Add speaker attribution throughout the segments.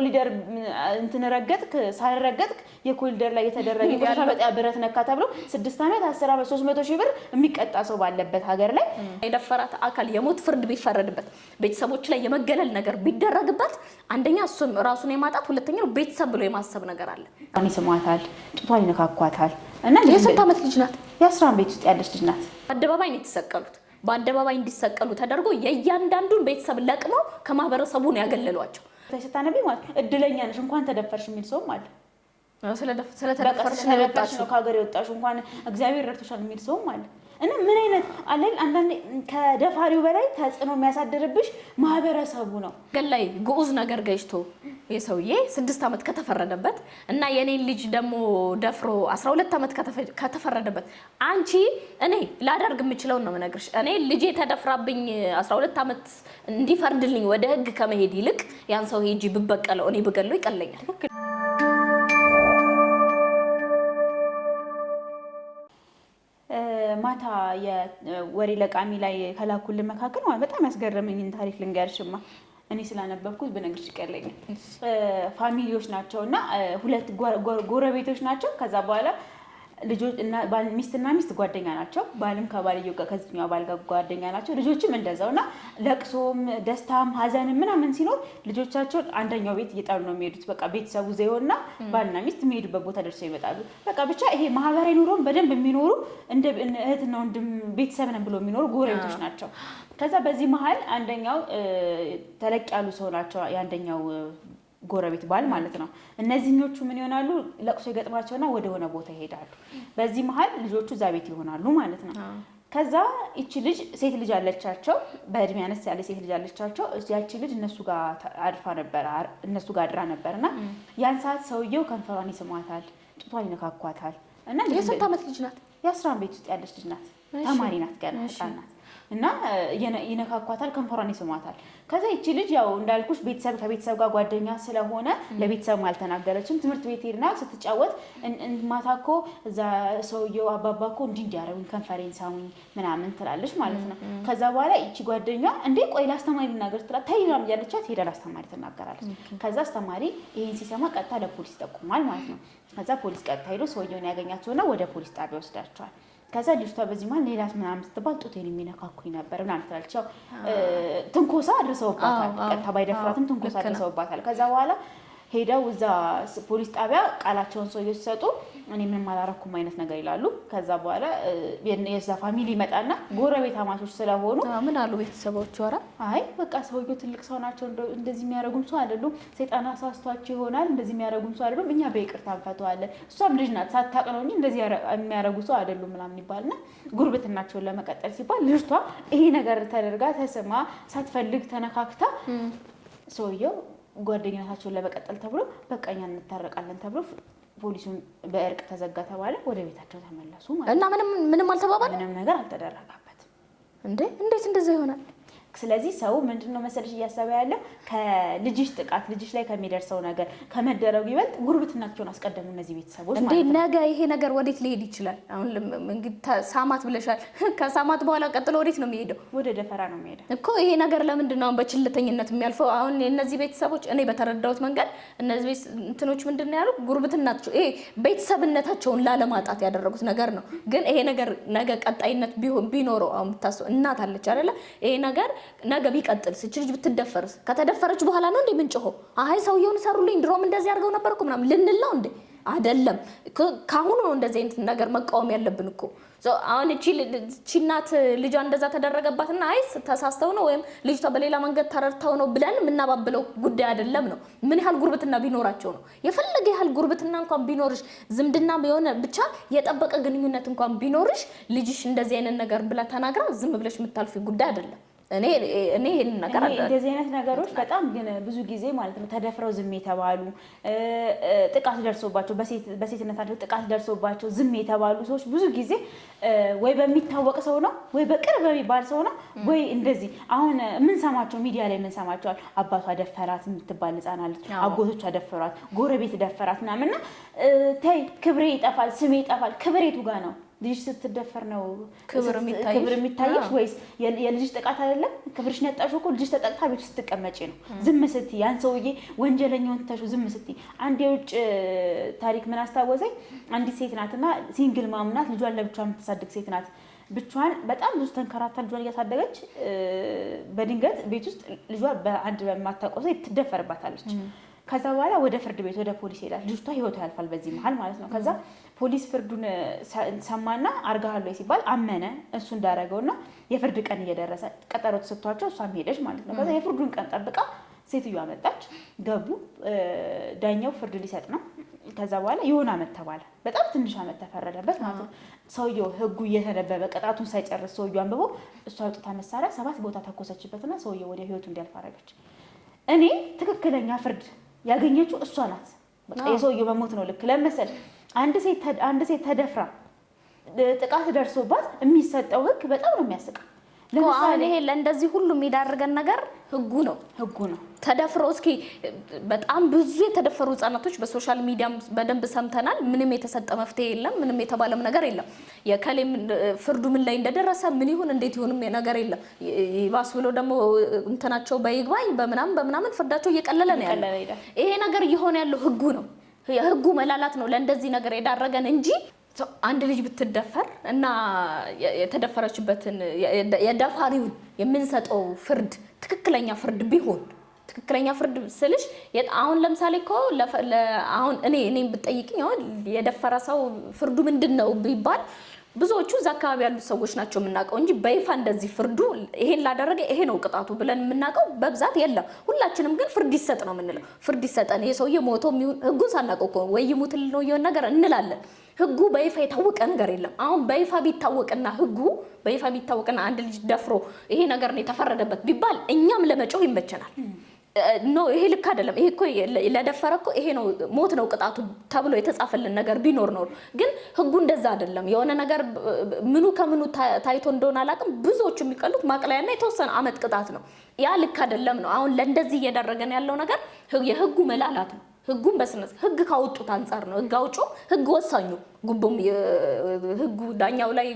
Speaker 1: የኮሊደር እንትን ረገጥክ ሳልረገጥክ የኮሊደር ላይ የተደረገ ቆሻሻ መጣያ ብረት ነካ ተብሎ ስድስት ዓመት አስር ዓመት ሶስት መቶ ሺህ ብር የሚቀጣ ሰው ባለበት ሀገር ላይ
Speaker 2: የደፈራት አካል የሞት ፍርድ ቢፈረድበት ቤተሰቦች ላይ የመገለል ነገር ቢደረግበት አንደኛ እሱም ራሱን የማጣት ሁለተኛ ቤተሰብ ብሎ የማሰብ ነገር አለ።
Speaker 1: ይስሟታል፣ ጡቷን ይነካኳታል
Speaker 2: እና የስንት ዓመት ልጅ ናት?
Speaker 1: የአስራ ቤት ውስጥ ያለች ልጅ ናት።
Speaker 2: አደባባይ ነው የተሰቀሉት። በአደባባይ እንዲሰቀሉ ተደርጎ የእያንዳንዱን ቤተሰብ ለቅመው ከማህበረሰቡ ነው ያገለሏቸው።
Speaker 1: ላይ ስታነቢ ማለት እድለኛ ነሽ እንኳን ተደፈርሽ የሚል ሰውም አለ።
Speaker 2: ስለተደፈርሽ
Speaker 1: ነው ከሀገር የወጣሽ እንኳን እግዚአብሔር ረድቶሻል የሚል ሰውም አለ። እና ምን አይነት አለን አንዳንዴ ከደፋሪው በላይ ተጽዕኖ የሚያሳድርብሽ ማህበረሰቡ ነው።
Speaker 2: ገላይ ግዑዝ ነገር ገጭቶ ይህ ሰውዬ ስድስት ዓመት ከተፈረደበት እና የእኔን ልጅ ደግሞ ደፍሮ ሁለት ዓመት ከተፈረደበት አንቺ እኔ ላደርግ የምችለውን ነው የምነግርሽ። እኔ ልጄ ተደፍራብኝ ሁለት ዓመት እንዲፈርድልኝ ወደ ህግ ከመሄድ ይልቅ ያን ሰው ሄጂ ብበቀለው እኔ ብገለው ይቀለኛል።
Speaker 1: ማታ የወሬ ለቃሚ ላይ ከላኩልን መካከል በጣም ያስገረመኝን ታሪክ ልንገርሽማ። እኔ ስላነበብኩት ብነግርሽ ይቀለኛል። ፋሚሊዎች ናቸው እና ሁለት ጎረቤቶች ናቸው። ከዛ በኋላ ልጆች እና ሚስትና ሚስት ጓደኛ ናቸው። ባልም ከባልየው ጋር ከዚህኛው ባል ጋር ጓደኛ ናቸው። ልጆችም እንደዛው እና ለቅሶም፣ ደስታም፣ ሀዘንም ምናምን ሲኖር ልጆቻቸውን አንደኛው ቤት እየጣሉ ነው የሚሄዱት። በቃ ቤተሰቡ ዘየውና ባልና ሚስት የሚሄዱበት ቦታ ደርሰው ይመጣሉ። በቃ ብቻ ይሄ ማህበራዊ ኑሮም በደንብ የሚኖሩ እንደ ነው ወንድም ቤተሰብ ነን ብሎ የሚኖሩ ጎረቤቶች ናቸው። ከዛ በዚህ መሀል አንደኛው ተለቅ ያሉ ሰው ናቸው የአንደኛው ጎረቤት ባል ማለት ነው። እነዚህኞቹ ምን ይሆናሉ? ለቅሶ ይገጥማቸውና ወደሆነ ቦታ ይሄዳሉ። በዚህ መሀል ልጆቹ እዛ ቤት ይሆናሉ ማለት ነው። ከዛ ይቺ ልጅ ሴት ልጅ አለቻቸው፣ በእድሜ አነስ ያለ ሴት ልጅ አለቻቸው። ያቺ ልጅ እነሱ ጋር አድፋ ነበር፣ እነሱ ጋር አድራ ነበር። እና ያን ሰዓት ሰውየው ከንፈሯን ይስማታል፣ ጡቷን ይነካኳታል።
Speaker 2: እና የስንት ዓመት ልጅ ናት?
Speaker 1: የአስራ ቤት ውስጥ ያለች ልጅ ናት፣ ተማሪ ናት፣ ገና ህፃን ናት። እና ይነካኳታል፣ ከንፈሯን ይስማታል። ከዛ ይቺ ልጅ ያው እንዳልኩሽ ቤተሰብ ከቤተሰብ ጋር ጓደኛ ስለሆነ ለቤተሰብ አልተናገረችም። ትምህርት ቤት ሄድና ስትጫወት ማታ እኮ እዛ ሰውየው አባባ እኮ እንዲህ እንዲያረጉኝ ከንፈሬን ሳሙኝ ምናምን ትላለች ማለት ነው። ከዛ በኋላ ይቺ ጓደኛ እንዴ ቆይ ለአስተማሪ ልናገር ትላ ተይራም እያለቻት ሄዳ ለአስተማሪ ትናገራለች። ከዛ አስተማሪ ይህን ሲሰማ ቀጥታ ለፖሊስ ይጠቁማል ማለት ነው። ከዛ ፖሊስ ቀጥታ ሄዶ ሰውየውን ያገኛቸውና ወደ ፖሊስ ጣቢያ ወስዳቸዋል። ከዛ ልጅቷ በዚህ መሀል ሌላት ምናምን ስትባል ጡቴን የሚነካኩኝ ነበር ምናምን ትላለች። ትንኮሳ አድርሰውባታል። ቀጥታ ባይደፍራትም ትንኮሳ አድርሰውባታል። ከዛ በኋላ ሄደው እዛ ፖሊስ ጣቢያ ቃላቸውን ሰው ሲሰጡ እኔ ምንም አላረኩም አይነት ነገር ይላሉ። ከዛ በኋላ የዛ ፋሚሊ ይመጣና ጎረቤት አማቾች ስለሆኑ
Speaker 2: ምን አሉ ቤተሰቦች ወራ
Speaker 1: አይ በቃ ሰውየው ትልቅ ሰው ናቸው፣ እንደዚህ የሚያደረጉም ሰው አይደሉም፣ ሰይጣን አሳስቷቸው ይሆናል፣ እንደዚህ የሚያደረጉም ሰው አይደሉም፣ እኛ በይቅርታ እንፈተዋለን። እሷም ልጅ ናት ሳታቅ ነው እንጂ እንደዚህ የሚያደርጉ ሰው አይደሉም ምናምን ይባልና ጉርብትናቸውን ለመቀጠል ሲባል ልጅቷ ይሄ ነገር ተደርጋ ተስማ ሳትፈልግ ተነካክታ ሰውየው ጓደኝነታቸውን ለመቀጠል ተብሎ በቃ እኛ እንታረቃለን ተብሎ ፖሊሱን በእርቅ ተዘጋ ተባለ። ወደ ቤታቸው ተመለሱ
Speaker 2: ማለት እና ምንም ምንም አልተባባለ፣
Speaker 1: ምንም ነገር አልተደረጋበትም።
Speaker 2: እንዴ እንዴት እንደዛ ይሆናል?
Speaker 1: ስለዚህ ሰው ምንድን ነው መሰለሽ እያሰበ ያለው ከልጅሽ ጥቃት ልጅሽ ላይ ከሚደርሰው ነገር ከመደረጉ ይበልጥ ጉርብትናቸውን አስቀደሙ እነዚህ ቤተሰቦች
Speaker 2: እንዴ። ነገ ይሄ ነገር ወዴት ሊሄድ ይችላል? አሁን እንግዲህ ሳማት ብለሻል። ከሳማት በኋላ ቀጥሎ ወዴት ነው የሚሄደው?
Speaker 1: ወደ ደፈራ ነው የሚሄደው
Speaker 2: እኮ ይሄ ነገር። ለምንድን ነው በችልተኝነት የሚያልፈው? አሁን እነዚህ ቤተሰቦች እኔ በተረዳሁት መንገድ እነዚህ እንትኖች ምንድን ነው ያሉ ጉርብትናቸው ይሄ ቤተሰብነታቸውን ላለማጣት ያደረጉት ነገር ነው። ግን ይሄ ነገር ነገ ቀጣይነት ቢኖረው አሁን ብታስበው እናት አለች አይደለ ይሄ ነገር ነገ ቢቀጥልስ? ስች ልጅ ብትደፈርስ? ከተደፈረች በኋላ ነው እንዴ ምንጭሆ አይ ሰውየውን ሰሩልኝ፣ ድሮም እንደዚህ አድርገው ነበር እኮ ምናምን ልንል እንዴ? አይደለም። ከአሁኑ ነው እንደዚህ አይነት ነገር መቃወም ያለብን እኮ። አሁን እቺ እናት ልጇ እንደዛ ተደረገባትና አይስ ተሳስተው ነው ወይም ልጅቷ በሌላ መንገድ ተረድተው ነው ብለን የምናባብለው ጉዳይ አይደለም። ነው ምን ያህል ጉርብትና ቢኖራቸው ነው። የፈለገ ያህል ጉርብትና እንኳን ቢኖርሽ፣ ዝምድና የሆነ ብቻ የጠበቀ ግንኙነት እንኳን ቢኖርሽ ልጅሽ እንደዚህ አይነት ነገር ብላ ተናግራ ዝም ብለሽ የምታልፊ ጉዳይ አይደለም። እኔ እኔ ይሄን ነገር አለ
Speaker 1: እንደዚህ አይነት ነገሮች በጣም ግን ብዙ ጊዜ ማለት ነው ተደፍረው ዝም የተባሉ ጥቃት ደርሶባቸው በሴትነታቸው ጥቃት ደርሶባቸው ዝም የተባሉ ሰዎች ብዙ ጊዜ ወይ በሚታወቅ ሰው ነው ወይ በቅርብ በሚባል ሰው ነው ወይ እንደዚህ አሁን የምንሰማቸው ሚዲያ ላይ የምንሰማቸው አባቷ ደፈራት የምትባል ሕፃን አለች፣ አጎቶቿ ደፈሯት፣ ጎረቤት ደፈራት ምናምንና ተይ ክብሬ ይጠፋል፣ ስሜ ይጠፋል። ክብሬቱ ጋር ነው ልጅ ስትደፈር ነው
Speaker 2: ክብር የሚታየሽ
Speaker 1: ወይስ የልጅሽ ጥቃት አይደለም? ክብርሽን ያጣሽው እኮ ልጅሽ ተጠቅታ ቤት ውስጥ ስትቀመጪ ነው። ዝም ስትይ ያን ሰውዬ ወንጀለኛውን ትተሽው ዝም ስትይ። አንድ የውጭ ታሪክ ምን አስታወሰኝ። አንዲት ሴት ናትና ሲንግል ማም ናት። ልጇን ለብቻዋን የምትሳድግ ሴት ናት። ብቻዋን በጣም ብዙ ተንከራታ ልጇን እያሳደገች በድንገት ቤት ውስጥ ልጇ በአንድ በማታውቀው ሰው ትደፈርባታለች። ከዛ በኋላ ወደ ፍርድ ቤት ወደ ፖሊስ ሄዳል። ልጅቷ ህይወት ያልፋል በዚህ መሀል ማለት ነው። ከዛ ፖሊስ ፍርዱን ሰማና አርጋሃል ሲባል አመነ እሱ እንዳደረገውና የፍርድ ቀን እየደረሰ ቀጠሮ ተሰጥቷቸው እሷም ሄደች ማለት ነው። ከዛ የፍርዱን ቀን ጠብቃ ሴትዮዋ አመጣች፣ ገቡ። ዳኛው ፍርድ ሊሰጥ ነው። ከዛ በኋላ የሆነ አመት ተባለ። በጣም ትንሽ አመት ተፈረደበት ማለት ነው። ሰውየው ህጉ እየተነበበ ቅጣቱን ሳይጨርስ ሰውየው አንብቦ እሷ አውጥታ መሳሪያ ሰባት ቦታ ተኮሰችበትና ሰውየው ወደ ህይወቱ እንዲያልፍ አደረገች። እኔ ትክክለኛ ፍርድ ያገኘችው እሷ ናት። በቃ የሰውየው መሞት ነው ልክ ለመሰል አንድ ሴት ተደፍራ ጥቃት ደርሶባት የሚሰጠው ህግ በጣም ነው የሚያስቀው።
Speaker 2: አሁን ይሄ ለእንደዚህ ሁሉ የሚዳርገን ነገር ህጉ ነው ህጉ ነው። ተደፍሮ እስኪ በጣም ብዙ የተደፈሩ ህጻናቶች በሶሻል ሚዲያም በደንብ ሰምተናል። ምንም የተሰጠ መፍትሄ የለም፣ ምንም የተባለም ነገር የለም። የከሌም ፍርዱ ምን ላይ እንደደረሰ ምን ይሁን እንዴት ይሁንም ነገር የለም። ይባስ ብሎ ደግሞ እንትናቸው በይግባኝ በምናምን በምናምን ፍርዳቸው እየቀለለ ነው ያለ። ይሄ ነገር እየሆነ ያለው ህጉ ነው፣ የህጉ መላላት ነው ለእንደዚህ ነገር የዳረገን እንጂ አንድ ልጅ ብትደፈር እና የተደፈረችበትን የደፋሪውን የምንሰጠው ፍርድ ትክክለኛ ፍርድ ቢሆን ትክክለኛ ፍርድ ስልሽ አሁን ለምሳሌ እኮ አሁን እኔ እኔም ብጠይቅኝ አሁን የደፈረ ሰው ፍርዱ ምንድን ነው ቢባል ብዙዎቹ እዛ አካባቢ ያሉት ሰዎች ናቸው የምናውቀው እንጂ በይፋ እንደዚህ ፍርዱ ይሄን ላደረገ ይሄ ነው ቅጣቱ ብለን የምናውቀው በብዛት የለም። ሁላችንም ግን ፍርድ ይሰጥ ነው የምንለው። ፍርድ ይሰጠን ይሄ ሰውዬ ሞቶ የሚሆን ህጉን ሳናውቀው እኮ ወይ ይሙትል ነው የሆነ ነገር እንላለን። ህጉ በይፋ የታወቀ ነገር የለም። አሁን በይፋ ቢታወቅና ህጉ በይፋ ቢታወቅና አንድ ልጅ ደፍሮ ይሄ ነገር ነው የተፈረደበት ቢባል እኛም ለመጮህ ይመቸናል። ኖ ይሄ ልክ አይደለም፣ ይሄ እኮ ለደፈረ እኮ ይሄ ነው ሞት ነው ቅጣቱ ተብሎ የተጻፈልን ነገር ቢኖር ኖር፣ ግን ህጉ እንደዛ አይደለም። የሆነ ነገር ምኑ ከምኑ ታይቶ እንደሆነ አላውቅም። ብዙዎቹ የሚቀሉት ማቅለያና የተወሰነ አመት ቅጣት ነው። ያ ልክ አይደለም ነው። አሁን ለእንደዚህ እየደረገን ያለው ነገር የህጉ መላላት ነው። ህጉን በስነ ህግ ካወጡት አንጻር ነው። ህግ አውጪው ህግ ወሳኙ ጉቦም ህጉ ዳኛው ላይ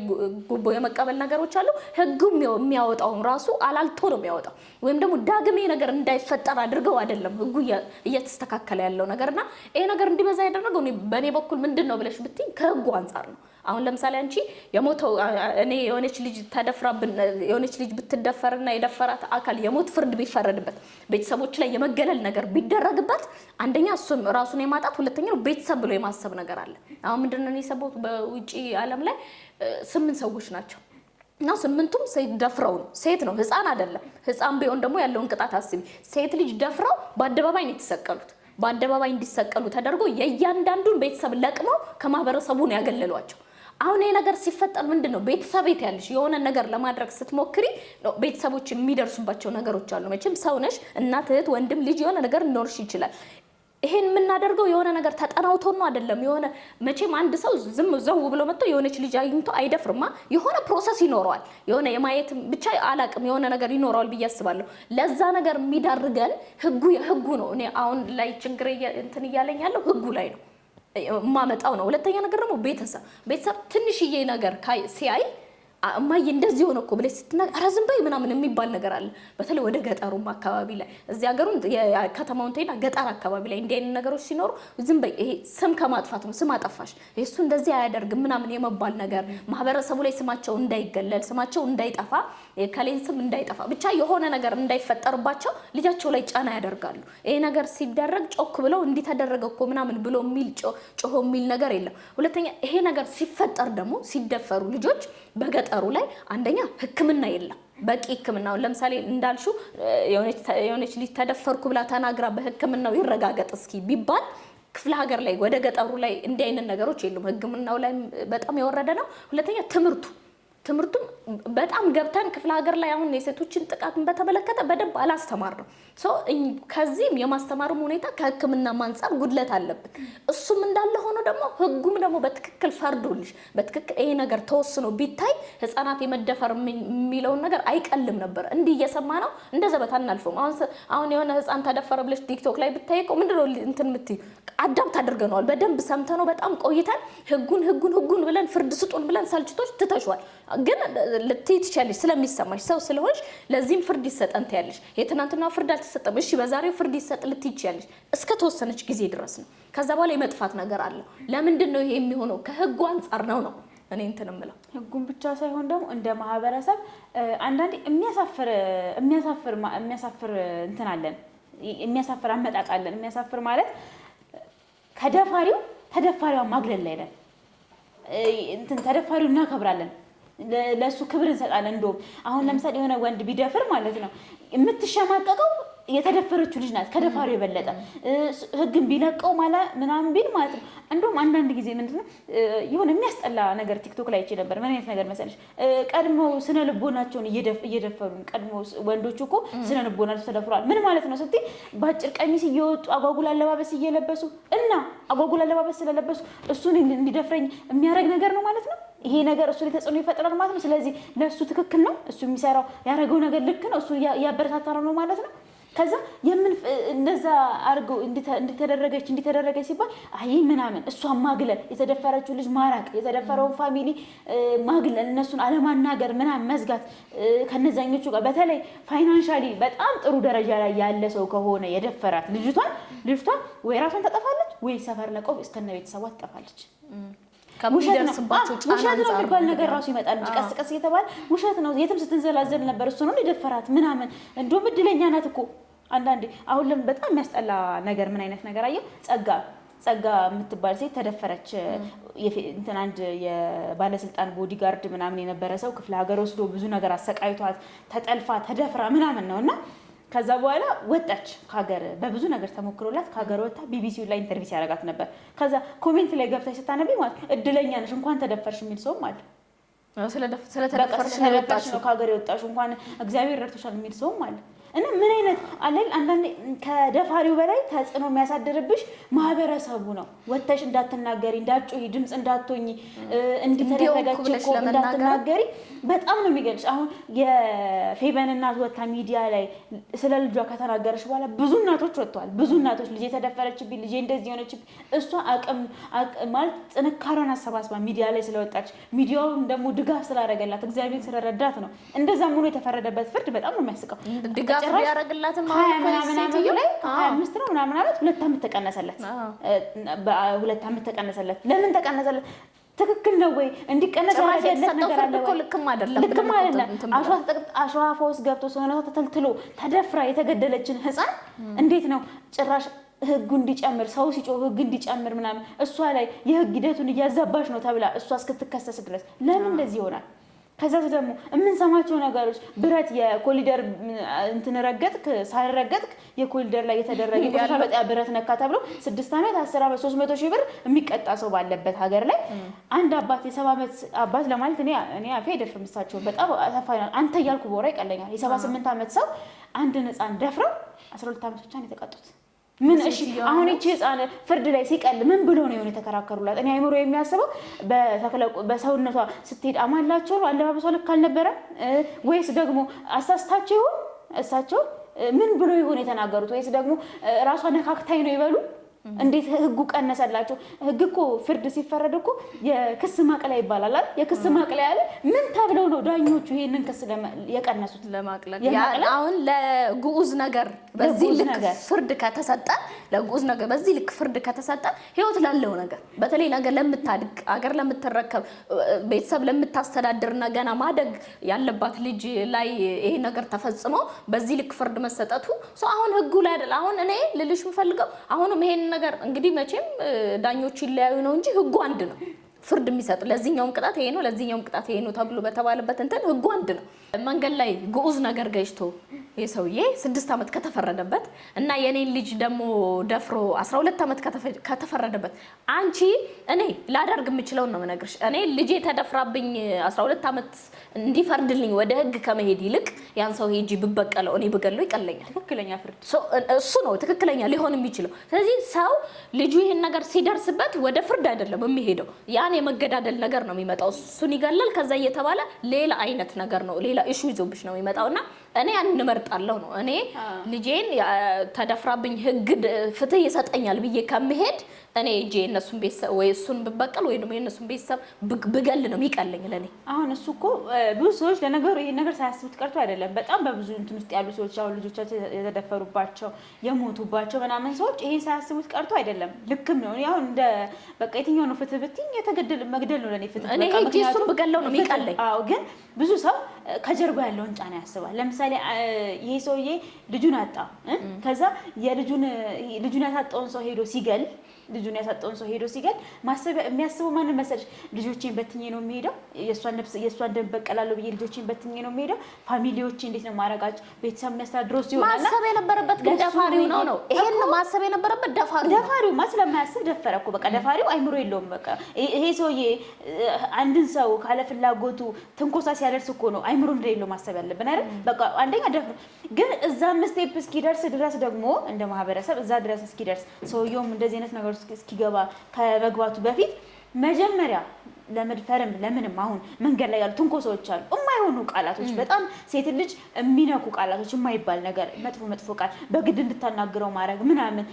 Speaker 2: ጉቦ የመቀበል ነገሮች አሉ። ህጉ የሚያወጣውም ራሱ አላልቶ ነው የሚያወጣው፣ ወይም ደግሞ ዳግም ይሄ ነገር እንዳይፈጠር አድርገው አይደለም ህጉ እየተስተካከለ ያለው ነገርና ይሄ ነገር እንዲበዛ ያደረገው በእኔ በኩል ምንድን ነው ብለሽ ብትይ ከህጉ አንጻር ነው። አሁን ለምሳሌ አንቺ የሞተው እኔ የሆነች ልጅ ተደፍራብን የሆነች ልጅ ብትደፈርና የደፈራት አካል የሞት ፍርድ ቢፈረድበት ቤተሰቦች ላይ የመገለል ነገር ቢደረግበት አንደኛ እሱም ራሱን የማጣት ነው ቤተሰብ ብሎ የማሰብ ነገር አለ። አሁን ምንድን ነው አሁን የሰማሁት በውጭ ዓለም ላይ ስምንት ሰዎች ናቸው እና ስምንቱም ሴት ደፍረው ነው። ሴት ነው፣ ህፃን አይደለም። ህፃን ቢሆን ደግሞ ያለውን ቅጣት አስቢ። ሴት ልጅ ደፍረው በአደባባይ ነው የተሰቀሉት። በአደባባይ እንዲሰቀሉ ተደርጎ የእያንዳንዱን ቤተሰብ ለቅመው ከማህበረሰቡ ነው ያገለሏቸው። አሁን ይሄ ነገር ሲፈጠር ምንድን ነው ቤተሰብ ቤት ያለሽ የሆነ ነገር ለማድረግ ስትሞክሪ ቤተሰቦች የሚደርሱባቸው ነገሮች አሉ። መቼም ሰው ነሽ፣ እናት፣ እህት፣ ወንድም፣ ልጅ የሆነ ነገር ሊኖርሽ ይችላል። ይሄን የምናደርገው የሆነ ነገር ተጠናውቶ ነው አይደለም። የሆነ መቼም አንድ ሰው ዝም ዘው ብሎ መጥቶ የሆነች ልጅ አግኝቶ አይደፍርማ። የሆነ ፕሮሰስ ይኖረዋል። የሆነ የማየት ብቻ አላቅም የሆነ ነገር ይኖረዋል ብዬ አስባለሁ። ለዛ ነገር የሚዳርገን ህጉ የህጉ ነው። እኔ አሁን ላይ ችግር እንትን እያለኝ ያለው ህጉ ላይ ነው የማመጣው ነው። ሁለተኛ ነገር ደግሞ ቤተሰብ ቤተሰብ ትንሽዬ ነገር ሲያይ እማዬ እንደዚህ ሆነ እኮ ብለሽ ስትናገር ኧረ ዝም በይ ምናምን የሚባል ነገር አለ። በተለይ ወደ ገጠሩም አካባቢ ላይ እዚህ ሀገሩን ከተማውን ተይና ገጠር አካባቢ ላይ እንዲህ አይነት ነገሮች ሲኖሩ ዝም በይ ይሄ ስም ከማጥፋት ነው፣ ስም አጠፋሽ፣ እሱ እንደዚህ አያደርግም ምናምን የመባል ነገር ማህበረሰቡ ላይ ስማቸው እንዳይገለል ስማቸው እንዳይጠፋ የከሌን ስም እንዳይጠፋ ብቻ የሆነ ነገር እንዳይፈጠርባቸው ልጃቸው ላይ ጫና ያደርጋሉ። ይሄ ነገር ሲደረግ ጮክ ብለው እንዲተደረገ እኮ ምናምን ብሎ የሚል ጮሆ የሚል ነገር የለም። ሁለተኛ ይሄ ነገር ሲፈጠር ደግሞ ሲደፈሩ ልጆች በገጠሩ ላይ አንደኛ ሕክምና የለም በቂ ሕክምና ለምሳሌ እንዳልሹ የሆነች ልጅ ተደፈርኩ ብላ ተናግራ በሕክምናው ይረጋገጥ እስኪ ቢባል ክፍለ ሀገር ላይ ወደ ገጠሩ ላይ እንዲህ አይነት ነገሮች የሉም። ሕክምናው ላይ በጣም የወረደ ነው። ሁለተኛ ትምህርቱ ትምህርቱም በጣም ገብተን ክፍለ ሀገር ላይ አሁን የሴቶችን ጥቃትን በተመለከተ በደንብ አላስተማር ነው። ከዚህም የማስተማሩም ሁኔታ ከህክምና አንጻር ጉድለት አለብን። እሱም እንዳለ ሆኖ ደግሞ ሕጉም ደግሞ በትክክል ፈርዶልሽ በትክክል ይሄ ነገር ተወስኖ ቢታይ ሕፃናት የመደፈር የሚለውን ነገር አይቀልም ነበር። እንዲህ እየሰማ ነው እንደ ዘበት አናልፈውም። አሁን የሆነ ሕፃን ተደፈረ ብለሽ ቲክቶክ ላይ ብታይቀው ምንድነው እንትን የምትይው አዳምት አድርገነዋል። በደንብ ሰምተነው በጣም ቆይተን ሕጉን ሕጉን ሕጉን ብለን ፍርድ ስጡን ብለን ሰልችቶች ትተሸዋል። ግን ልትይ ትችያለሽ ስለሚሰማሽ ሰው ስለሆንሽ ለዚህም ፍርድ ይሰጠን ትያለሽ። የትናንትና ፍርድ አልተሰጠም፣ እሺ በዛሬው ፍርድ ይሰጥ ልትይ ትችያለሽ እስከ ተወሰነች ጊዜ ድረስ ነው። ከዛ በኋላ የመጥፋት ነገር አለ። ለምንድን ነው ይሄ የሚሆነው? ከህጉ አንጻር ነው ነው እኔ እንትን እምለው
Speaker 1: ህጉን ብቻ ሳይሆን ደግሞ እንደ ማህበረሰብ አንዳንዴ የሚያሳፍር የሚያሳፍር የሚያሳፍር እንትን አለን፣ የሚያሳፍር አመጣጥ አለን። የሚያሳፍር ማለት ከደፋሪው ተደፋሪዋ ማግለል ላይ ነን። እንትን ተደፋሪው እናከብራለን ለእሱ ክብር እንሰጣለን። እንደውም አሁን ለምሳሌ የሆነ ወንድ ቢደፍር ማለት ነው የምትሸማቀቀው የተደፈረችው ልጅ ናት። ከደፋሪ የበለጠ ህግን ቢለቀው ማለት ምናምን ቢል ማለት ነው። እንደውም አንዳንድ ጊዜ ምንድን የሆነ የሚያስጠላ ነገር ቲክቶክ ላይ አይቼ ነበር። ምን አይነት ነገር መሰለሽ? ቀድሞ ስነ ልቦናቸውን እየደፈሩ ቀድሞ ወንዶቹ እኮ ስነ ልቦናቸው ተደፍረዋል። ምን ማለት ነው ስትይ፣ በአጭር ቀሚስ እየወጡ አጓጉል አለባበስ እየለበሱ እና አጓጉል አለባበስ ስለለበሱ እሱን እንዲደፍረኝ የሚያደርግ ነገር ነው ማለት ነው። ይሄ ነገር እሱ ላይ ተጽዕኖ ይፈጥራል ማለት ነው። ስለዚህ ለእሱ ትክክል ነው፣ እሱ የሚሰራው ያደረገው ነገር ልክ ነው፣ እሱ እያበረታታ ነው ማለት ነው። ከዛ የምን እንደዛ አርገው እንደተደረገች እንዲተደረገች ሲባል አይ ምናምን እሷን ማግለል፣ የተደፈረችው ልጅ ማራቅ፣ የተደፈረውን ፋሚሊ ማግለል፣ እነሱን አለማናገር ምናምን መዝጋት ከነዛኞቹ ጋር በተለይ ፋይናንሻሊ በጣም ጥሩ ደረጃ ላይ ያለ ሰው ከሆነ የደፈራት ልጅቷን ልጅቷ ወይ ራሷን ተጠፋለች ወይ ሰፈር ለቀው እስከነ ቤተሰቧ ትጠፋለች።
Speaker 2: ውሸት ነው
Speaker 1: የሚባል ነገር ራሱ ይመጣል እንጂ ቀስ ቀስ እየተባለ ውሸት ነው። የትም ስትንዘላዘል ነበር እሱ ነው የደፈራት ምናምን። እንዲሁም እድለኛ ናት እኮ አንዳንዴ አሁን ለምን በጣም የሚያስጠላ ነገር ምን አይነት ነገር አየህ? ጸጋ ጸጋ የምትባል ሴት ተደፈረች። እንትን አንድ የባለስልጣን ቦዲጋርድ ምናምን የነበረ ሰው ክፍለ ሀገር ወስዶ ብዙ ነገር አሰቃይቷት ተጠልፋ ተደፍራ ምናምን ነው እና ከዛ በኋላ ወጣች ከሀገር በብዙ ነገር ተሞክሮላት ከሀገር ወጥታ ቢቢሲ ላይ ኢንተርቪው ሲያደርጋት ነበር። ከዛ ኮሜንት ላይ ገብታች ስታነቢ ማለት እድለኛ ነሽ እንኳን ተደፈርሽ የሚል ሰውም አለ።
Speaker 2: ስለተደፈርሽ
Speaker 1: ነው ከሀገር የወጣሽ እንኳን እግዚአብሔር ረድቶሻል የሚል ሰውም አለ። እና ምን አይነት አለል አንዳንዴ ከደፋሪው በላይ ተጽዕኖ የሚያሳድርብሽ ማህበረሰቡ ነው። ወተሽ እንዳትናገሪ፣ እንዳትጮሂ፣ ድምፅ እንዳትሆኝ፣ እንዲተደረገች እኮ እንዳትናገሪ በጣም ነው የሚገልጽ። አሁን የፌበን እናት ወታ ሚዲያ ላይ ስለ ልጇ ከተናገረች በኋላ ብዙ እናቶች ወጥተዋል። ብዙ እናቶች ልጄ የተደፈረችብኝ፣ ልጄ እንደዚህ የሆነችብኝ፣ እሷ አቅም ማለት ጥንካሬዋን አሰባስባ ሚዲያ ላይ ስለወጣች ሚዲያውም ደግሞ ድጋፍ ስላደረገላት እግዚአብሔር ስለረዳት ነው እንደዛም ሆኖ የተፈረደበት ፍርድ በጣም ነው የሚያስቀው።
Speaker 2: አጭር ያደረግላትን
Speaker 1: አምስት ነው ምናምን አመት ሁለት አመት ተቀነሰለት። ሁለት አመት ተቀነሰለት። ለምን ተቀነሰለት? ትክክል ነው ወይ?
Speaker 2: እንዲቀነስ ልክም
Speaker 1: አይደለም። አሸዋ ፈውስ ገብቶ ሰሆነ ተተልትሎ ተደፍራ የተገደለችን ህፃን እንዴት ነው ጭራሽ ህጉ እንዲጨምር ሰው ሲጮህ ህግ እንዲጨምር ምናምን እሷ ላይ የህግ ሂደቱን እያዛባሽ ነው ተብላ እሷ እስክትከሰስ ድረስ ለምን እንደዚህ ይሆናል? ከዛ ደግሞ የምንሰማቸው ነገሮች ብረት የኮሊደር እንትን ረገጥክ ሳልረገጥክ የኮሊደር ላይ የተደረገ የቆሻሻ መጣያ ብረት ነካ ተብሎ ስድስት ዓመት አስር ዓመት ሶስት መቶ ሺህ ብር የሚቀጣ ሰው ባለበት ሀገር ላይ አንድ አባት የሰባ ዓመት አባት ለማለት እኔ አፌ አይደፍርም። እሳቸውን በጣም ሰፋይናል አንተ እያልኩ በወራ ይቀለኛል። የሰባ ስምንት ዓመት ሰው አንድን ህፃን ደፍረው አስራ ሁለት ዓመት ብቻ ነው የተቀጡት። ምን እሺ፣ አሁን ይቺ ህፃን ፍርድ ላይ ሲቀል ምን ብሎ ነው የሆነ የተከራከሩላት? እኔ አይምሮ የሚያስበው በሰውነቷ ስትሄድ አማላቸው ነው አለባበሷ ልክ አልነበረ ወይስ ደግሞ አሳስታቸው እሳቸው ምን ብሎ ይሆን የተናገሩት? ወይስ ደግሞ ራሷ ነካክታይ ነው ይበሉ እንዴት ህጉ ቀነሰላቸው? ህግ እኮ ፍርድ ሲፈረድ እኮ የክስ ማቅለያ ይባላል። የክስ ማቅለያ አለ። ምን ተብለው ነው ዳኞቹ ይሄንን ክስ የቀነሱት?
Speaker 2: አሁን ለግዑዝ ነገር በዚህ ልክ ፍርድ ከተሰጠ ለግዑዝ ነገር በዚህ ልክ ፍርድ ከተሰጠ ህይወት ላለው ነገር በተለይ ነገር ለምታድግ አገር ለምትረከብ ቤተሰብ ለምታስተዳድርና ገና ማደግ ያለባት ልጅ ላይ ይሄ ነገር ተፈጽሞ በዚህ ልክ ፍርድ መሰጠቱ አሁን ህጉ ላይ አይደል? አሁን እኔ ልልሽ የምፈልገው አሁንም ይሄን ነገር እንግዲህ መቼም ዳኞቹ ይለያዩ ነው እንጂ ህጉ አንድ ነው። ፍርድ የሚሰጥ ለዚህኛውም ቅጣት ይሄ ነው፣ ለዚህኛውም ቅጣት ይሄ ነው ተብሎ በተባለበት እንትን ህጉ አንድ ነው። መንገድ ላይ ግዑዝ ነገር ገጭቶ የሰውዬ ስድስት ዓመት ከተፈረደበት እና የኔን ልጅ ደግሞ ደፍሮ አስራ ሁለት ዓመት ከተፈረደበት አንቺ እኔ ላደርግ የምችለውን ነው የምነግርሽ። እኔ ልጄ ተደፍራብኝ ሁለት ዓመት እንዲፈርድልኝ ወደ ህግ ከመሄድ ይልቅ ያን ሰው ሄጂ ብበቀለው እኔ ብገለው ይቀለኛል።
Speaker 1: ትክክለኛ ፍርድ
Speaker 2: እሱ ነው ትክክለኛ ሊሆን የሚችለው። ስለዚህ ሰው ልጁ ይህን ነገር ሲደርስበት ወደ ፍርድ አይደለም የሚሄደው፣ ያን የመገዳደል ነገር ነው የሚመጣው። እሱን ይገላል። ከዛ እየተባለ ሌላ አይነት ነገር ነው ሌላ ኢሹ ይዞብሽ ነው የሚመጣው እና እኔ እንመርጣለሁ ነው እኔ ልጄን ተደፍራብኝ ህግ ፍትህ ይሰጠኛል ብዬ ከመሄድ እኔ እጄ የእነሱን ቤተሰብ ወይ እሱን ብበቀል ወይ ደግሞ የእነሱን ቤተሰብ ብገል ነው የሚቀልኝ ለኔ።
Speaker 1: አሁን እሱ እኮ ብዙ ሰዎች ለነገሩ ይሄን ነገር ሳያስቡት ቀርቶ አይደለም። በጣም በብዙ እንትን ውስጥ ያሉ ሰዎች አሁን ልጆቻቸው የተደፈሩባቸው የሞቱባቸው ምናምን ሰዎች ይሄን ሳያስቡት ቀርቶ አይደለም። ልክም ነው። አሁን እንደ በቃ የትኛው ነው ፍትህ ብትይኝ የተገደል መግደል ነው ለኔ ፍትህ።
Speaker 2: እኔ እጄ እሱን ብገለው ነው የሚቀልኝ።
Speaker 1: አዎ፣ ግን ብዙ ሰው ከጀርባ ያለውን ጫና ያስባል። ለምሳሌ ይሄ ሰውዬ ልጁን አጣ። ከዛ የልጁን ልጁን ያሳጣውን ሰው ሄዶ ሲገል ልጁን ያሳጠውን ሰው ሄዶ ሲገል የሚያስበው ማንን መሰለሽ? ልጆቼን በትኜ ነው የሚሄደው፣ የእሷን ልብስ የእሷን ደም በቀላለሁ ብዬ ልጆቼን በትኜ ነው የሚሄደው። ፋሚሊዎቼ እንዴት ነው ማረጋቸው? ቤተሰብ የሚያስተዳድረው ሲሆን
Speaker 2: ማሰብ የነበረበት ግን ደፋሪው ነው ነው ይሄን ነው ማሰብ የነበረበት ደፋሪው
Speaker 1: ደፋሪው ማ ስለማያስብ ደፈረ እኮ በቃ ደፋሪው አይምሮ የለውም። በቃ ይሄ ሰውዬ አንድን ሰው ካለ ፍላጎቱ ትንኮሳ ሲያደርስ እኮ ነው አይምሮ እንደሌለው ማሰብ ያለብን አይደል? በቃ አንደኛ ደፍ ግን እዛም ስቴፕ እስኪደርስ ድረስ ደግሞ እንደ ማህበረሰብ እዛ ድረስ እስኪደርስ ሰውየውም እንደዚህ አይነት ነገር እስኪገባ ከመግባቱ በፊት መጀመሪያ ለመድፈርም ለምንም አሁን መንገድ ላይ ያሉ ሰዎች አሉ፣ የማይሆኑ ቃላቶች፣ በጣም ሴት ልጅ የሚነኩ ቃላቶች፣ የማይባል ነገር፣ መጥፎ መጥፎ ቃል በግድ እንድታናግረው ማድረግ ምናምን፣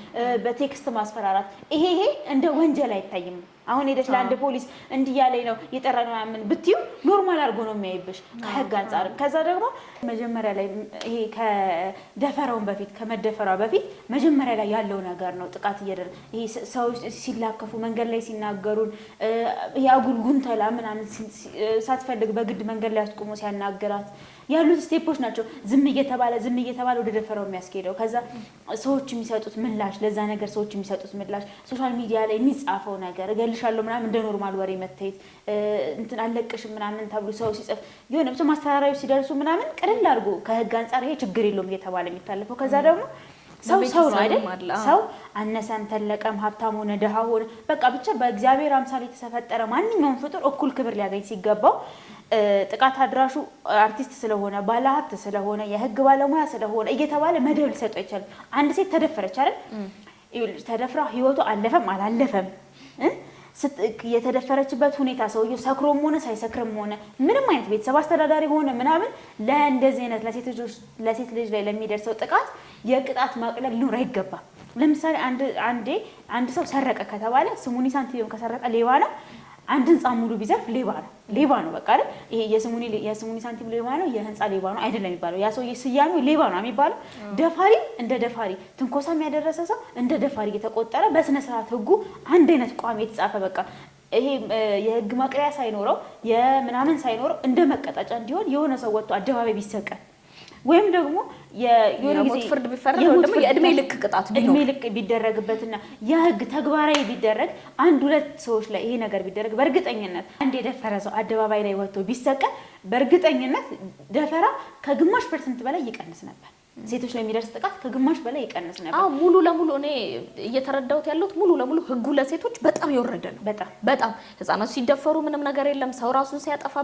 Speaker 1: በቴክስት ማስፈራራት፣ ይሄ ይሄ እንደ ወንጀል አይታይም። አሁን ሄደች ለአንድ ፖሊስ እንዲህ ያለኝ ነው የጠራ ነው ምናምን ብትዩ ኖርማል አድርጎ ነው የሚያይብሽ ከህግ አንጻርም። ከዛ ደግሞ መጀመሪያ ላይ ይሄ ከደፈረውን በፊት ከመደፈሯ በፊት መጀመሪያ ላይ ያለው ነገር ነው ጥቃት እየደረ ይሄ ሰዎች ሲላከፉ መንገድ ላይ ሲናገሩን ያጉል ጉንተላ ምናምን ሳትፈልግ በግድ መንገድ ላይ አስቆሞ ሲያናግራት ያሉት ስቴፖች ናቸው። ዝም እየተባለ ዝም እየተባለ ወደ ደፈረው የሚያስኬደው ከዛ ሰዎች የሚሰጡት ምላሽ፣ ለዛ ነገር ሰዎች የሚሰጡት ምላሽ፣ ሶሻል ሚዲያ ላይ የሚጻፈው ነገር እገልሻለሁ ምናምን እንደ ኖርማል ወሬ መታየት እንትን አለቅሽም ምናምን ተብሎ ሰው ሲጽፍ የሆነ ብሶ ማስተራራዩ ሲደርሱ ምናምን ቅልል አድርጎ ከህግ አንጻር ይሄ ችግር የለውም እየተባለ የሚታለፈው ከዛ ደግሞ ሰው ሰው ነው አይደል? ሰው አነሰን ተለቀም ሀብታም ሆነ ድሃ ሆነ በቃ ብቻ በእግዚአብሔር አምሳል የተፈጠረ ማንኛውም ፍጡር እኩል ክብር ሊያገኝ ሲገባው ጥቃት አድራሹ አርቲስት ስለሆነ ባለሀብት ስለሆነ የህግ ባለሙያ ስለሆነ እየተባለ መደብ ሊሰጡ አይቻልም። አንድ ሴት ተደፈረች አይደል? ተደፍራ ህይወቱ አለፈም አላለፈም የተደፈረችበት ሁኔታ ሰውየው ሰክሮም ሆነ ሳይሰክርም ሆነ ምንም አይነት ቤተሰብ አስተዳዳሪ ሆነ ምናምን ለእንደዚህ አይነት ለሴት ልጅ ላይ ለሚደርሰው ጥቃት የቅጣት ማቅለል ሊኖር አይገባም። ለምሳሌ አንዴ አንድ ሰው ሰረቀ ከተባለ ስሙኒ ሳንቲም ከሰረቀ ሌባ ነው። አንድ ህንፃ ሙሉ ቢዘርፍ ሌባ ነው። ሌባ ነው በቃ ይሄ የስሙኒ ሳንቲም ሌባ ነው፣ የህንፃ ሌባ ነው አይደለም የሚባለው። ያ ሰውዬ ስያሜው ሌባ ነው የሚባለው። ደፋሪ እንደ ደፋሪ ትንኮሳም ያደረሰ ሰው እንደ ደፋሪ የተቆጠረ በስነስርዓት ህጉ አንድ አይነት ቋሚ የተጻፈ በቃ ይሄ የህግ ማቅሪያ ሳይኖረው የምናምን ሳይኖረው እንደ መቀጣጫ እንዲሆን የሆነ ሰው ወጥቶ አደባባይ ቢሰቀል ወይም ደግሞ
Speaker 2: የሞት ፍርድ ቢፈረድ የእድሜ ልክ ቅጣት
Speaker 1: እድሜ ልክ ቢደረግበትና የህግ ተግባራዊ ቢደረግ አንድ ሁለት ሰዎች ላይ ይሄ ነገር ቢደረግ በእርግጠኝነት አንድ የደፈረ ሰው አደባባይ ላይ ወጥቶ ቢሰቀል በእርግጠኝነት ደፈራ ከግማሽ ፐርሰንት በላይ ይቀንስ ነበር። ሴቶች ላይ የሚደርስ ጥቃት ከግማሽ በላይ ይቀንስ
Speaker 2: ነበር። አዎ ሙሉ ለሙሉ እኔ እየተረዳሁት ያለሁት ሙሉ ለሙሉ ህጉ ለሴቶች በጣም የወረደ ነው። በጣም በጣም ህጻናት ሲደፈሩ ምንም ነገር የለም። ሰው ራሱን ሲያጠፋ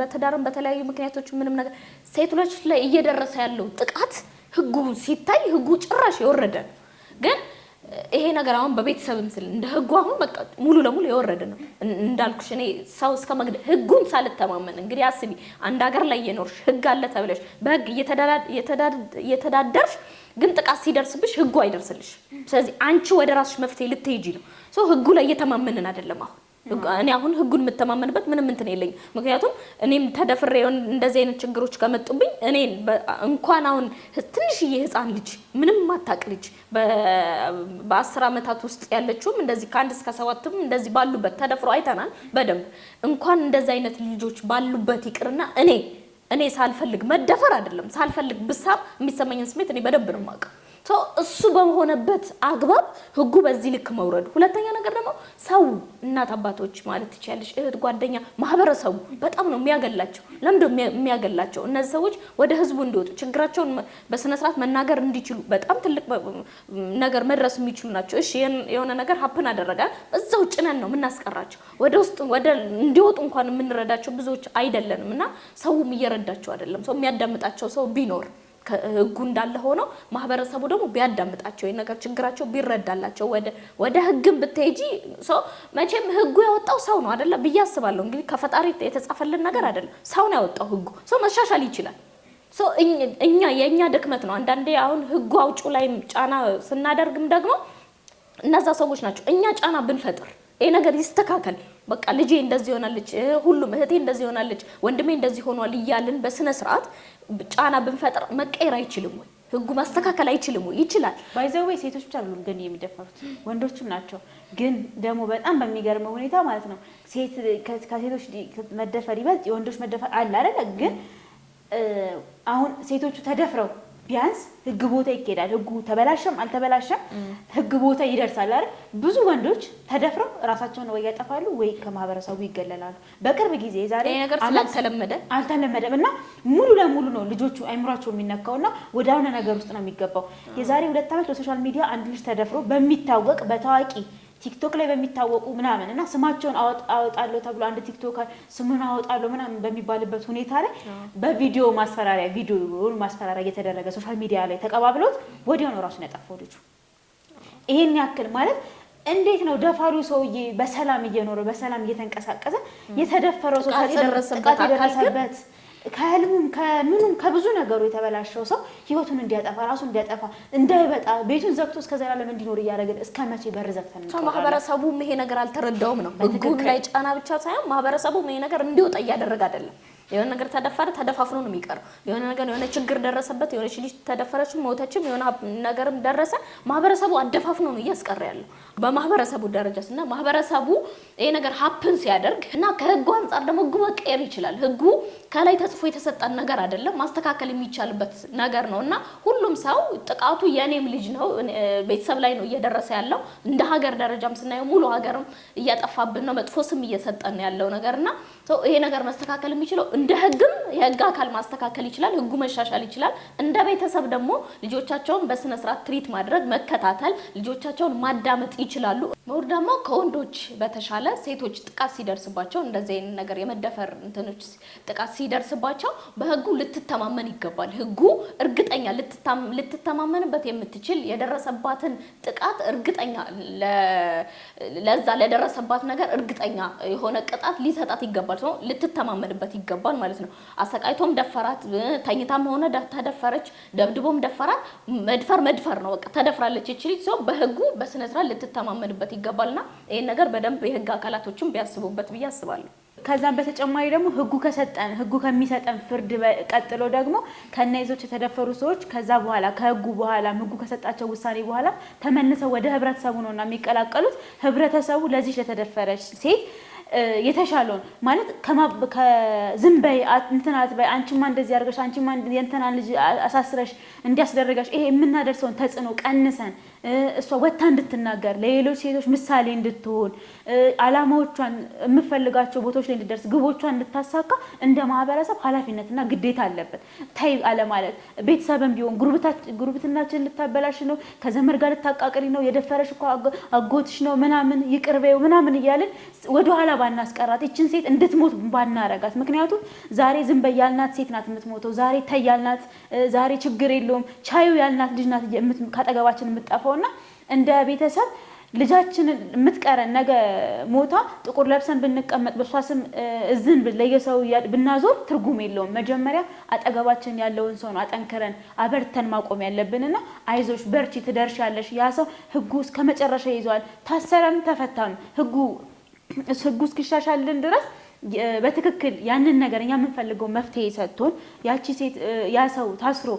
Speaker 2: በትዳርም በተለያዩ ምክንያቶች ምንም ነገር ሴቶች ላይ እየደረሰ ያለው ጥቃት ህጉ ሲታይ ህጉ ጭራሽ የወረደ ነው ግን ይሄ ነገር አሁን በቤተሰብም ስል እንደ ህጉ አሁን በቃ ሙሉ ለሙሉ የወረደ ነው እንዳልኩሽ። እኔ ሰው እስከ መግደል ህጉን ሳልተማመን እንግዲህ አስቢ፣ አንድ ሀገር ላይ የኖርሽ ህግ አለ ተብለሽ በህግ እየተዳደርሽ ግን ጥቃት ሲደርስብሽ ህጉ አይደርስልሽ። ስለዚህ አንቺ ወደ ራስሽ መፍትሄ ልትሄጂ ነው። ህጉ ላይ እየተማመንን አይደለም አሁን እኔ አሁን ህጉን የምተማመንበት ምንም እንትን የለኝም። ምክንያቱም እኔም ተደፍሬ እንደዚህ አይነት ችግሮች ከመጡብኝ እኔ እንኳን አሁን ትንሽዬ ህፃን ልጅ ምንም ማታቅ ልጅ በአስር ዓመታት ውስጥ ያለችውም እንደዚህ ከአንድ እስከ ሰባትም እንደዚህ ባሉበት ተደፍሮ አይተናል በደንብ እንኳን እንደዚህ አይነት ልጆች ባሉበት ይቅርና እኔ እኔ ሳልፈልግ መደፈር አይደለም ሳልፈልግ ብሳብ የሚሰማኝን ስሜት እኔ በደንብ ነው የማውቀው። እሱ በሆነበት አግባብ ህጉ በዚህ ልክ መውረዱ። ሁለተኛ ነገር ደግሞ ሰው እናት አባቶች ማለት ትችያለሽ፣ እህት ጓደኛ፣ ማህበረሰቡ በጣም ነው የሚያገላቸው። ለምዶ የሚያገላቸው? እነዚህ ሰዎች ወደ ህዝቡ እንዲወጡ ችግራቸውን በስነስርዓት መናገር እንዲችሉ በጣም ትልቅ ነገር መድረስ የሚችሉ ናቸው። እሺ የሆነ ነገር ሀፕን አደረጋል እዛው ጭነን ነው የምናስቀራቸው። ወደ ውስጥ ወደ እንዲወጡ እንኳን የምንረዳቸው ብዙዎች አይደለንም እና ሰውም እየረዳቸው አይደለም። ሰው የሚያዳምጣቸው ሰው ቢኖር ህጉ እንዳለ ሆኖ ማህበረሰቡ ደግሞ ቢያዳምጣቸው ነገር ችግራቸው ቢረዳላቸው ወደ ህግም ብትሄጂ ሰው መቼም ህጉ ያወጣው ሰው ነው አደለ ብዬ አስባለሁ። እንግዲህ ከፈጣሪ የተጻፈልን ነገር አይደለም፣ ሰው ነው ያወጣው ህጉ። ሰው መሻሻል ይችላል። እኛ የእኛ ድክመት ነው አንዳንዴ። አሁን ህጉ አውጩ ላይ ጫና ስናደርግም ደግሞ እነዛ ሰዎች ናቸው እኛ ጫና ብንፈጥር ይሄ ነገር ይስተካከል፣ በቃ ልጄ እንደዚህ ሆናለች፣ ሁሉም እህቴ እንደዚህ ሆናለች፣ ወንድሜ እንደዚህ ሆኗል እያልን በስነ ስርዓት ጫና ብንፈጥር መቀየር አይችልም ወይ? ህጉ ማስተካከል አይችልም ወይ? ይችላል።
Speaker 1: ባይዘዌ ሴቶች ብቻ አይደሉም ግን የሚደፈሩት ወንዶችም ናቸው። ግን ደግሞ በጣም በሚገርመው ሁኔታ ማለት ነው ከሴቶች መደፈር ይበልጥ የወንዶች መደፈር አለ አይደለ? ግን አሁን ሴቶቹ ተደፍረው ቢያንስ ህግ ቦታ ይኬዳል። ህጉ ተበላሸም አልተበላሸም ህግ ቦታ ይደርሳል አይደል? ብዙ ወንዶች ተደፍረው ራሳቸውን ወይ ያጠፋሉ ወይ ከማህበረሰቡ ይገለላሉ። በቅርብ ጊዜ ዛሬ
Speaker 2: ስላልተለመደ
Speaker 1: አልተለመደም እና ሙሉ ለሙሉ ነው ልጆቹ አይምሯቸው የሚነካው እና ወደ አሁነ ነገር ውስጥ ነው የሚገባው። የዛሬ ሁለት ዓመት በሶሻል ሚዲያ አንድ ልጅ ተደፍሮ በሚታወቅ በታዋቂ ቲክቶክ ላይ በሚታወቁ ምናምን እና ስማቸውን አወጣለሁ ተብሎ አንድ ቲክቶክ ስሙን አወጣለሁ ምናምን በሚባልበት ሁኔታ ላይ በቪዲዮ ማስፈራሪያ ቪዲዮን ማስፈራሪያ እየተደረገ ሶሻል ሚዲያ ላይ ተቀባብሎት ወዲያው ነው ራሱን ያጠፋው ልጁ። ይሄን ያክል ማለት እንዴት ነው ደፋሪው ሰውዬ በሰላም እየኖረ በሰላም እየተንቀሳቀሰ የተደፈረው ሰው ጥቃት የደረሰበት ከህልሙም ከምኑም ከብዙ ነገሩ የተበላሸው ሰው ህይወቱን እንዲያጠፋ ራሱ እንዲያጠፋ እንዳይበጣ ቤቱን ዘግቶ እስከ ዘላለም እንዲኖር እያደረግን እስከ መቼ በር ዘግተን
Speaker 2: ነው? ማህበረሰቡም ይሄ ነገር አልተረዳውም ነው። ህጉም ላይ ጫና ብቻ ሳይሆን ማህበረሰቡም ይሄ ነገር እንዲወጣ እያደረገ አይደለም። የሆነ ነገር ተደፈረ፣ ተደፋፍኖ ነው የሚቀረው። የሆነ ነገር የሆነ ችግር ደረሰበት፣ የሆነች ልጅ ተደፈረች፣ ሞተችም፣ የሆነ ነገርም ደረሰ፣ ማህበረሰቡ አደፋፍኖ ነው እያስቀረ ያለው። በማህበረሰቡ ደረጃ ስና ማህበረሰቡ ይሄ ነገር ሀፕን ሲያደርግ እና ከህጉ አንጻር ደግሞ ህጉ መቀየር ይችላል። ህጉ ከላይ ተጽፎ የተሰጠን ነገር አይደለም፣ ማስተካከል የሚቻልበት ነገር ነው እና ሁሉም ሰው ጥቃቱ የእኔም ልጅ ነው ቤተሰብ ላይ ነው እየደረሰ ያለው እንደ ሀገር ደረጃም ስናየው ሙሉ ሀገርም እያጠፋብን ነው፣ መጥፎ ስም እየሰጠን ያለው ነገር እና ይሄ ነገር መስተካከል የሚችለው እንደ ህግም የህግ አካል ማስተካከል ይችላል። ህጉ መሻሻል ይችላል። እንደ ቤተሰብ ደግሞ ልጆቻቸውን በስነ ስርዓት ትሪት ማድረግ፣ መከታተል፣ ልጆቻቸውን ማዳመጥ ይችላሉ። ምሁር ደግሞ ከወንዶች በተሻለ ሴቶች ጥቃት ሲደርስባቸው እንደዚህ አይነት ነገር የመደፈር እንትኖች ጥቃት ሲደርስባቸው በህጉ ልትተማመን ይገባል። ህጉ እርግጠኛ ልትተማመንበት የምትችል የደረሰባትን ጥቃት እርግጠኛ ለዛ ለደረሰባት ነገር እርግጠኛ የሆነ ቅጣት ሊሰጣት ይገባል። ልትተማመንበት ይገባል። ገባን ማለት ነው። አሰቃይቶም ደፈራት፣ ተኝታም ሆነ ተደፈረች፣ ደብድቦም ደፈራት። መድፈር መድፈር ነው በቃ ተደፍራለች። እቺ ሰው በህጉ በስነ ስርዓት ልትተማመንበት ይገባልና ይህን ነገር በደንብ የህግ አካላቶችም ቢያስቡበት ብዬ አስባለሁ።
Speaker 1: ከዛም በተጨማሪ ደግሞ ህጉ ከሰጠን ህጉ ከሚሰጠን ፍርድ ቀጥሎ ደግሞ ከነይዞች የተደፈሩ ሰዎች ከዛ በኋላ ከህጉ በኋላ ህጉ ከሰጣቸው ውሳኔ በኋላ ተመልሰው ወደ ህብረተሰቡ ነውና የሚቀላቀሉት ህብረተሰቡ ለዚች ለተደፈረች ሴት የተሻለውን ማለት ዝም በይ እንትን አትበይ፣ አንቺማ እንደዚህ አድርገሽ አንቺማ የእንትናን ልጅ አሳስረሽ እንዲያስደረገሽ ይሄ የምናደርሰውን ተጽዕኖ ቀንሰን እሷ ወታ እንድትናገር ለሌሎች ሴቶች ምሳሌ እንድትሆን አላማዎቿን የምፈልጋቸው ቦታዎች ላይ እንድደርስ ግቦቿን እንድታሳካ እንደ ማህበረሰብ ኃላፊነትና ግዴታ አለበት። ታይ አለማለት ቤተሰብን ቢሆን ጉርብትናችን ልታበላሽ ነው፣ ከዘመድ ጋር ልታቃቅሪ ነው፣ የደፈረሽ እኮ አጎትሽ ነው ምናምን ይቅርበው ምናምን እያልን ወደኋላ ባናስቀራት፣ ይችን ሴት እንድትሞት ባናረጋት። ምክንያቱም ዛሬ ዝም በይ ያልናት ሴት ናት የምትሞተው። ዛሬ ታይ ያልናት፣ ዛሬ ችግር የለውም ቻዩ ያልናት ልጅ ናት ከአጠገባችን እና እንደ ቤተሰብ ልጃችንን የምትቀረን ነገ ሞታ ጥቁር ለብሰን ብንቀመጥ በእሷ ስም እዝን ለየሰው ብናዞር ትርጉም የለውም። መጀመሪያ አጠገባችን ያለውን ሰው ነው አጠንክረን አበርተን ማቆም ያለብንና አይዞች፣ በርቺ፣ ትደርሻለሽ። ያ ሰው ህጉ እስከ መጨረሻ ይዘዋል። ታሰረም ተፈታም ህጉ ህጉ እስኪሻሻልን ድረስ በትክክል ያንን ነገር እኛ የምንፈልገው መፍትሄ ሰጥቶን ያቺ ሴት ያ ሰው ታስሮ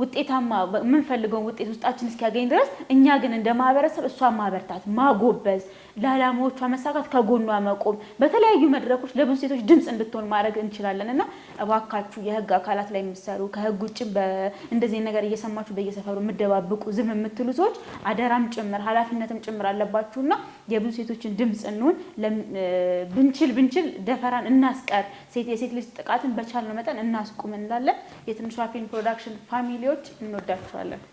Speaker 1: ውጤታማ የምንፈልገውን ውጤት ውስጣችን እስኪያገኝ ድረስ እኛ ግን እንደ ማህበረሰብ እሷን ማበርታት፣ ማጎበዝ፣ ለዓላማዎቿ መሳካት ከጎኗ መቆም፣ በተለያዩ መድረኮች ለብዙ ሴቶች ድምፅ እንድትሆን ማድረግ እንችላለን እና እባካችሁ የህግ አካላት ላይ የሚሰሩ ከህግ ውጭ እንደዚህ ነገር እየሰማችሁ በየሰፈሩ የምደባብቁ ዝም የምትሉ ሰዎች አደራም ጭምር ኃላፊነትም ጭምር እና የብዙ ሴቶችን ድምፅ እንሆን። ብንችል ብንችል ደፈራን እናስቀር፣ የሴት ልጅ ጥቃትን በቻልነው መጠን እናስቁም እንላለን። የትንሿ ፊልም ፕሮዳክሽን ፋሚሊ ልጆች እንወዳችኋለን።